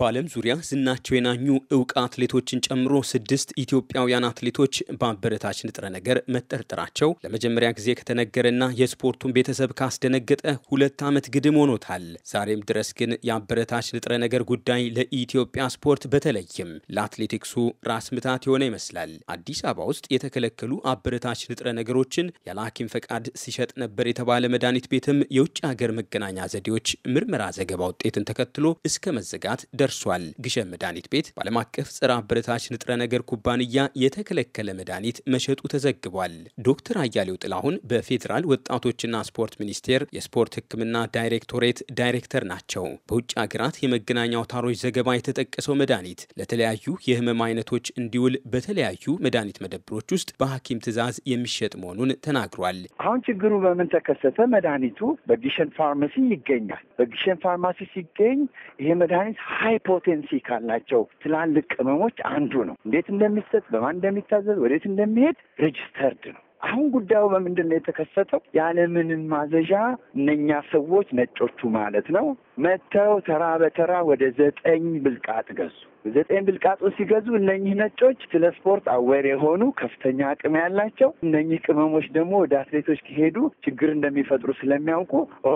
በዓለም ዙሪያ ዝናቸው የናኙ እውቅ አትሌቶችን ጨምሮ ስድስት ኢትዮጵያውያን አትሌቶች በአበረታች ንጥረ ነገር መጠርጠራቸው ለመጀመሪያ ጊዜ ከተነገረና የስፖርቱን ቤተሰብ ካስደነገጠ ሁለት ዓመት ግድም ሆኖታል። ዛሬም ድረስ ግን የአበረታች ንጥረ ነገር ጉዳይ ለኢትዮጵያ ስፖርት በተለይም ለአትሌቲክሱ ራስ ምታት የሆነ ይመስላል። አዲስ አበባ ውስጥ የተከለከሉ አበረታች ንጥረ ነገሮችን ያለ ሐኪም ፈቃድ ሲሸጥ ነበር የተባለ መድኃኒት ቤትም የውጭ ሀገር መገናኛ ዘዴዎች ምርመራ ዘገባ ውጤትን ተከትሎ እስከ መዘጋት ደርሷል። ግሸን መድኃኒት ቤት በዓለም አቀፍ ጸረ አበረታች ንጥረ ነገር ኩባንያ የተከለከለ መድኃኒት መሸጡ ተዘግቧል። ዶክተር አያሌው ጥላሁን በፌዴራል ወጣቶችና ስፖርት ሚኒስቴር የስፖርት ሕክምና ዳይሬክቶሬት ዳይሬክተር ናቸው። በውጭ ሀገራት የመገናኛ አውታሮች ዘገባ የተጠቀሰው መድኃኒት ለተለያዩ የህመም አይነቶች እንዲውል በተለያዩ መድኃኒት መደብሮች ውስጥ በሐኪም ትዕዛዝ የሚሸጥ መሆኑን ተናግሯል። አሁን ችግሩ በምን ተከሰተ? መድኃኒቱ በግሸን ፋርማሲ ይገኛል። በግሸን ፋርማሲ ሲገኝ ይሄ መድኃኒት ሀይ ፖቴንሲ ካላቸው ትላልቅ ቅመሞች አንዱ ነው። እንዴት እንደሚሰጥ፣ በማን እንደሚታዘዝ፣ ወዴት እንደሚሄድ ሬጅስተርድ ነው። አሁን ጉዳዩ በምንድን ነው የተከሰተው? ያለምንም ማዘዣ እነኛ ሰዎች ነጮቹ ማለት ነው መጥተው ተራ በተራ ወደ ዘጠኝ ብልቃጥ ገዙ። ዘጠኝ ብልቃጡ ሲገዙ እነኚህ ነጮች ስለ ስፖርት አዌር የሆኑ ከፍተኛ አቅም ያላቸው እነኚህ ቅመሞች ደግሞ ወደ አትሌቶች ከሄዱ ችግር እንደሚፈጥሩ ስለሚያውቁ ኦ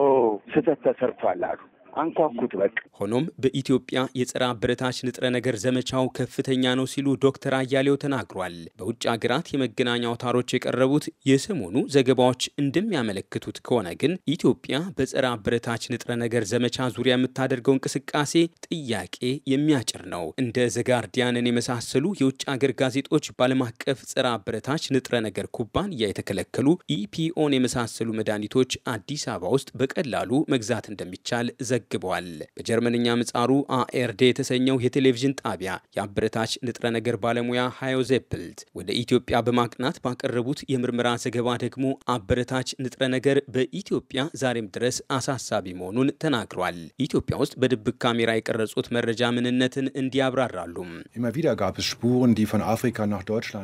ስህተት ተሰርቷል አሉ። አንኳኩት በቃ። ሆኖም በኢትዮጵያ የጸረ አበረታች ንጥረ ነገር ዘመቻው ከፍተኛ ነው ሲሉ ዶክተር አያሌው ተናግሯል። በውጭ ሀገራት የመገናኛ አውታሮች የቀረቡት የሰሞኑ ዘገባዎች እንደሚያመለክቱት ከሆነ ግን ኢትዮጵያ በጸረ አበረታች ንጥረ ነገር ዘመቻ ዙሪያ የምታደርገው እንቅስቃሴ ጥያቄ የሚያጭር ነው። እንደ ዘጋርዲያንን የመሳሰሉ የውጭ ሀገር ጋዜጦች ባለም አቀፍ ጸረ አበረታች ንጥረ ነገር ኩባንያ የተከለከሉ ኢፒኦን የመሳሰሉ መድኃኒቶች አዲስ አበባ ውስጥ በቀላሉ መግዛት እንደሚቻል ዘ ዘግቧል። በጀርመንኛ ምጻሩ አኤርዴ የተሰኘው የቴሌቪዥን ጣቢያ የአበረታች ንጥረ ነገር ባለሙያ ሃዮ ዜፕልት ወደ ኢትዮጵያ በማቅናት ባቀረቡት የምርመራ ዘገባ ደግሞ አበረታች ንጥረ ነገር በኢትዮጵያ ዛሬም ድረስ አሳሳቢ መሆኑን ተናግሯል። ኢትዮጵያ ውስጥ በድብቅ ካሜራ የቀረጹት መረጃ ምንነትን እንዲያብራራሉም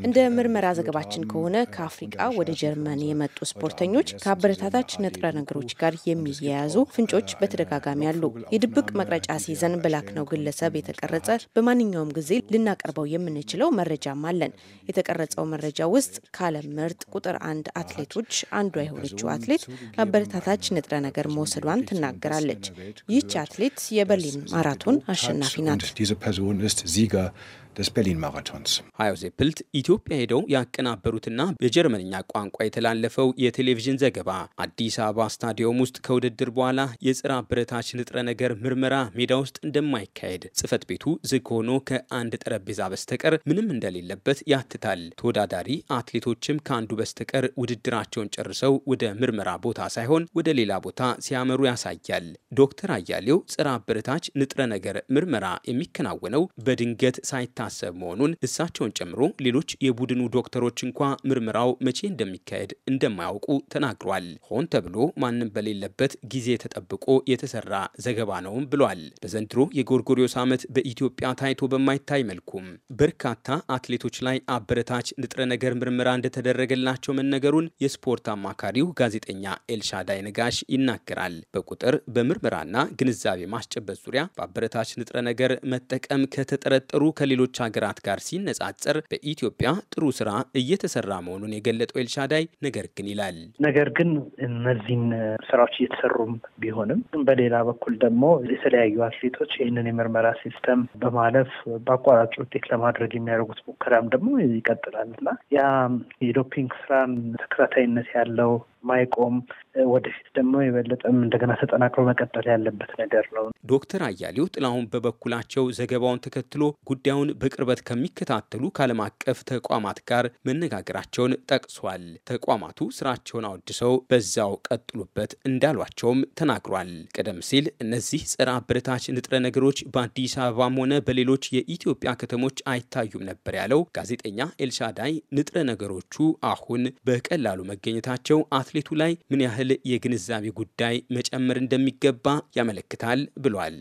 እንደ ምርመራ ዘገባችን ከሆነ ከአፍሪቃ ወደ ጀርመን የመጡ ስፖርተኞች ከአበረታታች ንጥረ ነገሮች ጋር የሚያያዙ ፍንጮች በተደጋጋሚ ያሉ። የድብቅ መቅረጫ አስይዘን ነው ግለሰብ የተቀረጸ በማንኛውም ጊዜ ልናቀርበው የምንችለው መረጃም አለን። የተቀረጸው መረጃ ውስጥ ከዓለም ምርጥ ቁጥር አንድ አትሌቶች አንዷ የሆነችው አትሌት አበረታታች ንጥረ ነገር መውሰዷን ትናገራለች። ይህች አትሌት የበርሊን ማራቶን አሸናፊ ናት። des በርሊን-ማራቶንስ ሀዮዜ ፕልት ኢትዮጵያ ሄደው ያቀናበሩትና በጀርመንኛ ቋንቋ የተላለፈው የቴሌቪዥን ዘገባ አዲስ አበባ ስታዲየም ውስጥ ከውድድር በኋላ የፀረ አበረታች ንጥረ ነገር ምርመራ ሜዳ ውስጥ እንደማይካሄድ ጽህፈት ቤቱ ዝግ ሆኖ ከአንድ ጠረጴዛ በስተቀር ምንም እንደሌለበት ያትታል። ተወዳዳሪ አትሌቶችም ከአንዱ በስተቀር ውድድራቸውን ጨርሰው ወደ ምርመራ ቦታ ሳይሆን ወደ ሌላ ቦታ ሲያመሩ ያሳያል። ዶክተር አያሌው ፀረ አበረታች ንጥረ ነገር ምርመራ የሚከናወነው በድንገት ሳይታ በማሰብ መሆኑን እሳቸውን ጨምሮ ሌሎች የቡድኑ ዶክተሮች እንኳ ምርመራው መቼ እንደሚካሄድ እንደማያውቁ ተናግሯል። ሆን ተብሎ ማንም በሌለበት ጊዜ ተጠብቆ የተሰራ ዘገባ ነውም ብሏል። በዘንድሮ የጎርጎሪዮስ ዓመት በኢትዮጵያ ታይቶ በማይታይ መልኩም በርካታ አትሌቶች ላይ አበረታች ንጥረ ነገር ምርመራ እንደተደረገላቸው መነገሩን የስፖርት አማካሪው ጋዜጠኛ ኤልሻዳይ ነጋሽ ይናገራል። በቁጥር በምርመራና ግንዛቤ ማስጨበጥ ዙሪያ በአበረታች ንጥረ ነገር መጠቀም ከተጠረጠሩ ከሌሎች ከሌሎች ሀገራት ጋር ሲነጻጸር በኢትዮጵያ ጥሩ ስራ እየተሰራ መሆኑን የገለጠው ኤልሻዳይ ነገር ግን ይላል። ነገር ግን እነዚህን ስራዎች እየተሰሩም ቢሆንም በሌላ በኩል ደግሞ የተለያዩ አትሌቶች ይህንን የምርመራ ሲስተም በማለፍ በአቋራጭ ውጤት ለማድረግ የሚያደርጉት ሙከራም ደግሞ ይቀጥላል እና ያ የዶፒንግ ስራን ተከታታይነት ያለው ማይቆም ወደፊት ደግሞ የበለጠም እንደገና ተጠናክሮ መቀጠል ያለበት ነገር ነው። ዶክተር አያሌው ጥላሁን በበኩላቸው ዘገባውን ተከትሎ ጉዳዩን በቅርበት ከሚከታተሉ ከዓለም አቀፍ ተቋማት ጋር መነጋገራቸውን ጠቅሷል። ተቋማቱ ስራቸውን አወድሰው በዛው ቀጥሉበት እንዳሏቸውም ተናግሯል። ቀደም ሲል እነዚህ ጸረ አበረታች ንጥረ ነገሮች በአዲስ አበባም ሆነ በሌሎች የኢትዮጵያ ከተሞች አይታዩም ነበር ያለው ጋዜጠኛ ኤልሻዳይ ንጥረ ነገሮቹ አሁን በቀላሉ መገኘታቸው በአትሌቱ ላይ ምን ያህል የግንዛቤ ጉዳይ መጨመር እንደሚገባ ያመለክታል ብሏል።